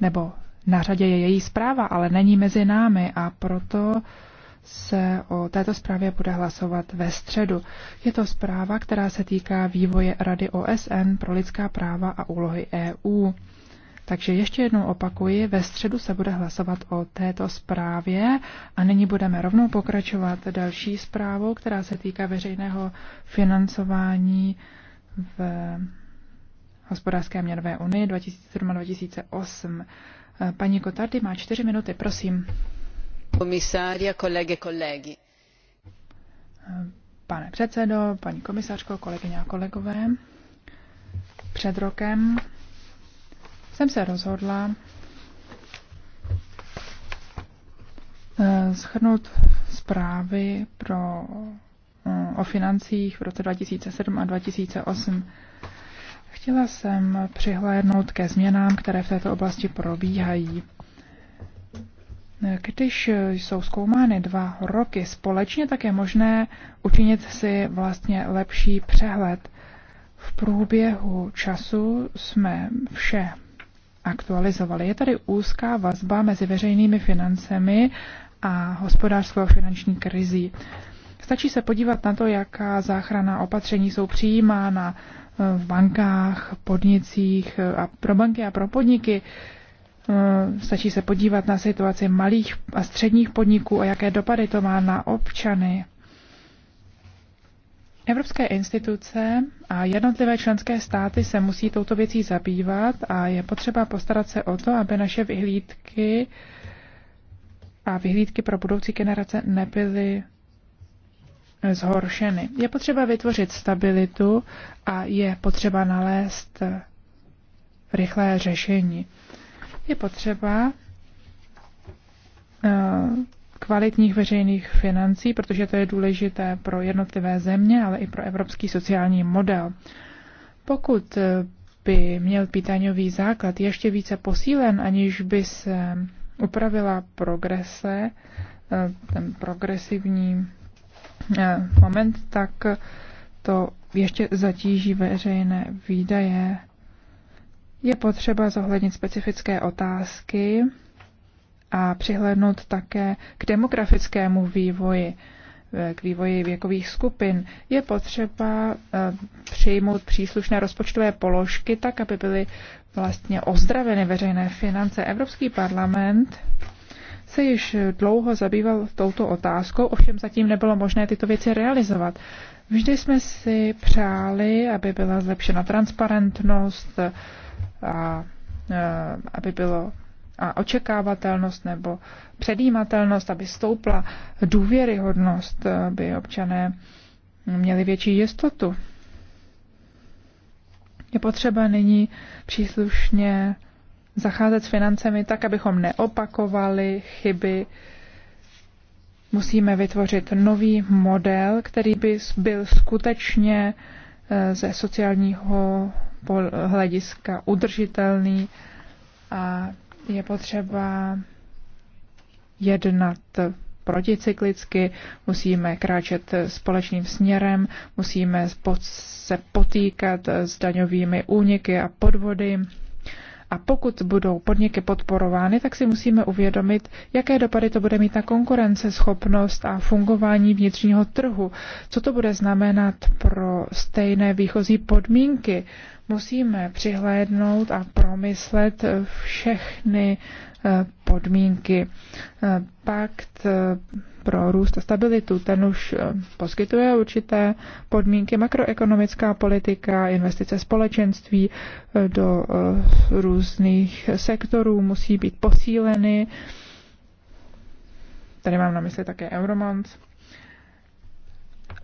nebo na řadě je její zpráva, ale není mezi námi a proto se o této zprávě bude hlasovat ve středu. Je to zpráva, která se týká vývoje Rady OSN pro lidská práva a úlohy EU. Takže ještě jednou opakuji, ve středu se bude hlasovat o této zprávě a nyní budeme rovnou pokračovat další zprávou, která se týká veřejného financování v hospodářské měnové unii 2007 2008. Paní Kotardy má čtyři minuty, prosím. Komisária, kolegy, kolegy. Pane předsedo, paní komisařko, kolegyně a kolegové, před rokem jsem se rozhodla eh, schrnout zprávy pro, eh, o financích v roce 2007 a 2008. Chtěla jsem přihlédnout ke změnám, které v této oblasti probíhají. Když jsou zkoumány dva roky společně, tak je možné učinit si vlastně lepší přehled. V průběhu času jsme vše aktualizovali. Je tady úzká vazba mezi veřejnými financemi a hospodářskou a finanční krizí. Stačí se podívat na to, jaká záchranná opatření jsou přijímána eh, v bankách, podnicích eh, a pro banky a pro podniky. Eh, stačí se podívat na situaci malých a středních podniků a jaké dopady to má na občany. Evropské instituce a jednotlivé členské státy se musí touto věcí zabývat a je potřeba postarat se o to, aby naše vyhlídky a vyhlídky pro budoucí generace nebyly zhoršeny. Je potřeba vytvořit stabilitu a je potřeba nalézt rychlé řešení. Je potřeba eh, kvalitních veřejných financí, protože to je důležité pro jednotlivé země, ale i pro evropský sociální model. Pokud eh, by měl pítaňový základ ještě více posílen, aniž by se upravila progrese, eh, ten progresivní Eh, moment, tak to ještě zatíží veřejné výdaje. Je potřeba zohlednit specifické otázky a přihlédnout také k demografickému vývoji, eh, k vývoji věkových skupin. Je potřeba eh, přijmout příslušné rozpočtové položky tak, aby byly vlastně ozdraveny veřejné finance. Evropský parlament se již dlouho zabýval touto otázkou, ovšem zatím nebylo možné tyto věci realizovat. Vždy jsme si přáli, aby byla zlepšena transparentnost a aby bylo a očekávatelnost nebo předjímatelnost, aby stoupla důvěryhodnost, aby občané měli větší jistotu. Je potřeba nyní příslušně zacházet s financemi tak, abychom neopakovali chyby. Musíme vytvořit nový model, který by byl skutečně eh, ze sociálního hlediska udržitelný a je potřeba jednat proticyklicky, musíme kráčet společným směrem, musíme se potýkat s daňovými úniky a podvody a pokud budou podniky podporovány, tak si musíme uvědomit, jaké dopady to bude mít na konkurenceschopnost a fungování vnitřního trhu. Co to bude znamenat pro stejné výchozí podmínky Musíme přihlédnout a promyslet všechny eh, podmínky. Eh, pakt eh, pro růst a stabilitu, ten už poskytuje určité podmínky, makroekonomická politika, investice společenství do různých sektorů musí být posíleny. Tady mám na mysli také Euromont.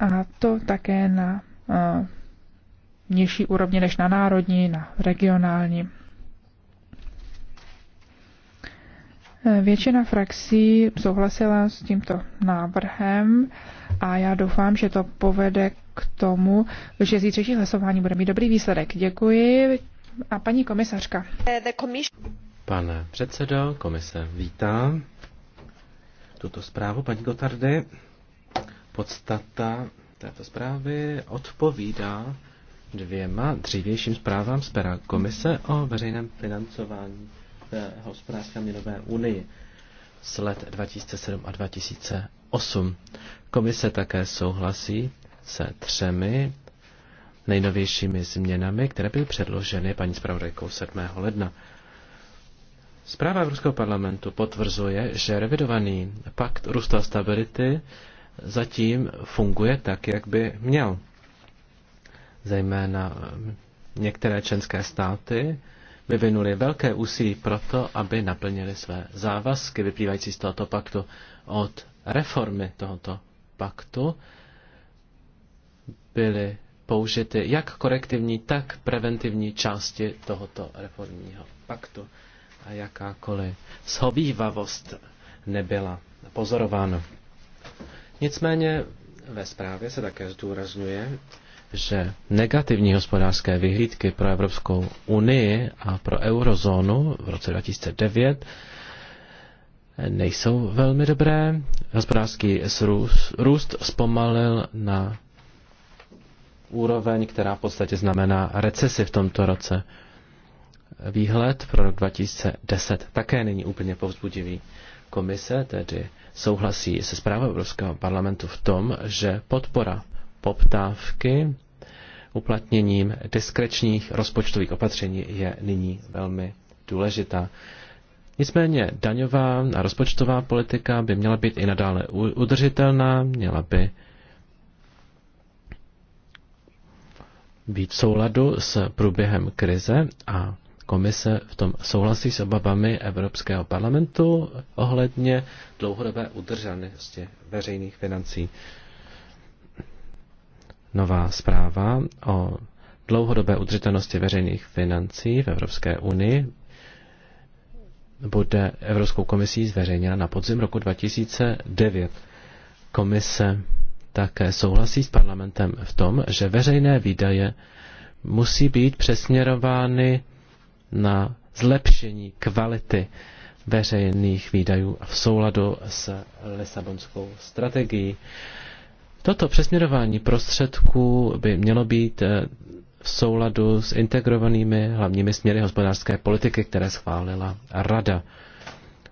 A to také na nižší úrovni než na národní, na regionální. Většina frakcí souhlasila s tímto návrhem a já doufám, že to povede k tomu, že zítřejší hlasování bude mít dobrý výsledek. Děkuji. A paní komisařka. Pane předsedo, komise vítá tuto zprávu, paní Gotardy. Podstata této zprávy odpovídá dvěma dřívějším zprávám z pera Komise o veřejném financování v hospodářské měnové unii z let 2007 a 2008. Komise také souhlasí se třemi nejnovějšími změnami, které byly předloženy paní zpravodajkou 7. ledna. Zpráva Evropského parlamentu potvrzuje, že revidovaný pakt růstu a stability zatím funguje tak, jak by měl zejména některé členské státy, vyvinuli velké úsilí proto, aby naplnili své závazky vyplývající z tohoto paktu od reformy tohoto paktu byly použity jak korektivní, tak preventivní části tohoto reformního paktu a jakákoliv shovívavost nebyla pozorována. Nicméně ve zprávě se také zdůrazňuje, že negativní hospodářské vyhlídky pro Evropskou unii a pro eurozónu v roce 2009 nejsou velmi dobré. Hospodářský růst, zpomalil na úroveň, která v podstatě znamená recesi v tomto roce. Výhled pro rok 2010 také není úplně povzbudivý. Komise tedy souhlasí se zprávou Evropského parlamentu v tom, že podpora poptávky uplatněním diskrečních rozpočtových opatření je nyní velmi důležitá. Nicméně daňová a rozpočtová politika by měla být i nadále udržitelná, měla by být v souladu s průběhem krize a komise v tom souhlasí s obavami Evropského parlamentu ohledně dlouhodobé udržanosti veřejných financí nová zpráva o dlouhodobé udržitelnosti veřejných financí v Evropské unii bude Evropskou komisí zveřejněna na podzim roku 2009. Komise také souhlasí s parlamentem v tom, že veřejné výdaje musí být přesměrovány na zlepšení kvality veřejných výdajů v souladu s Lisabonskou strategií. Toto přesměrování prostředků by mělo být eh, v souladu s integrovanými hlavními směry hospodářské politiky, které schválila Rada.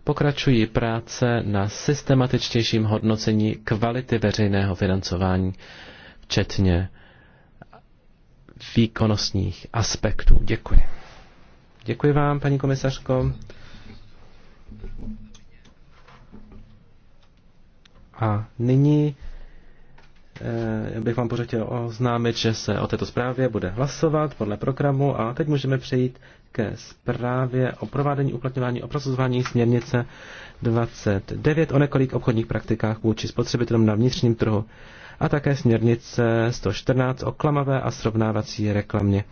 Pokračují práce na systematičtějším hodnocení kvality veřejného financování, včetně výkonnostních aspektů. Děkuji. Děkuji vám, paní komisařko. A nyní Eh, bych vám chtěl oznámit, že se o této zprávě bude hlasovat podle programu a teď můžeme přejít ke zprávě o provádění uplatňování o prosazování směrnice 29 o několik obchodních praktikách vůči spotřebitelům na vnitřním trhu a také směrnice 114 o klamavé a srovnávací reklamě.